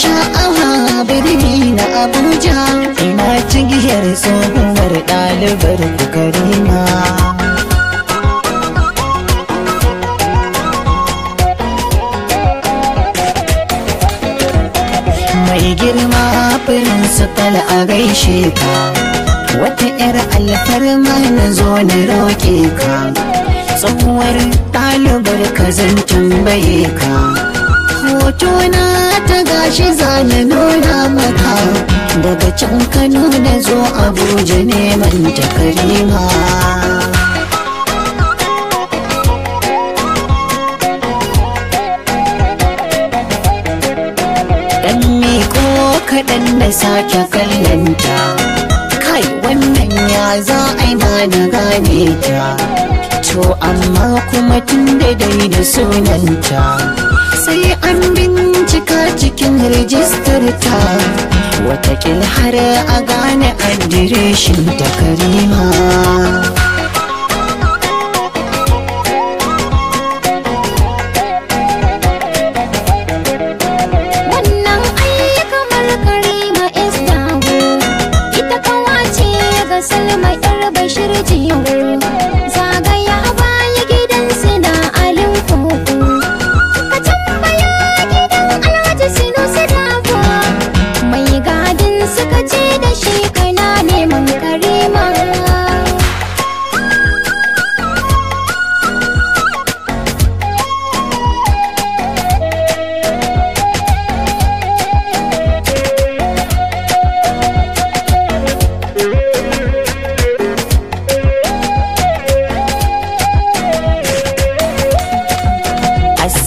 sha'awa birni na abuja ina cigiyar tsohuwar ɗalibar ku karima mai girma firinsifal a gaishe ka wata 'yar alfarma na zo na roke ka tsohuwar ɗalibar ka zan tambaye ka hotona ta gashi zana nuna maka daga can kano na zo abuja neman takarima dan miko kaɗan na sake kallon ta kai wannan ya za a yi na gane ta to amma kuma tun da dai da sunanta sai an bincika cikin rijistar ta watakil har a gane adireshin ta karima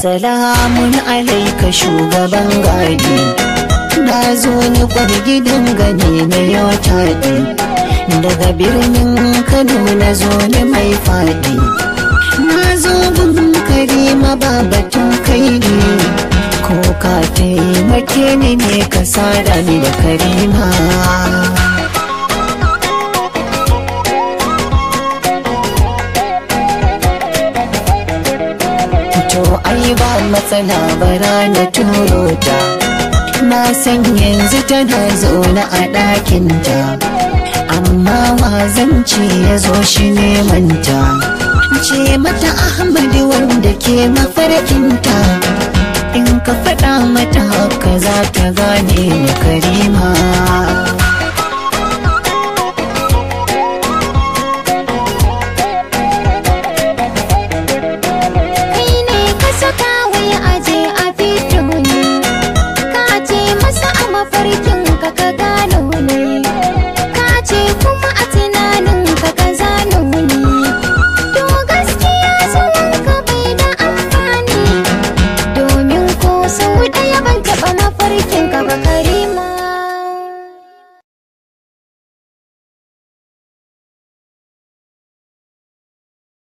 Salamun alaika shugaban gadi Na zo ni gidan gani na yau taɗi Daga birnin Kano na zo ni mai faɗi Na zo bin karima ba batun kai ne Ko ka taimake ni ne ka sada ni da karima matsala bara rana turo ta na san yanzu tana zauna a ɗakinta amma wazanci ya zo shi neman ta ce mata ahmad wanda ke mafarkinta in ka faɗa mata haka za ta gane ni karima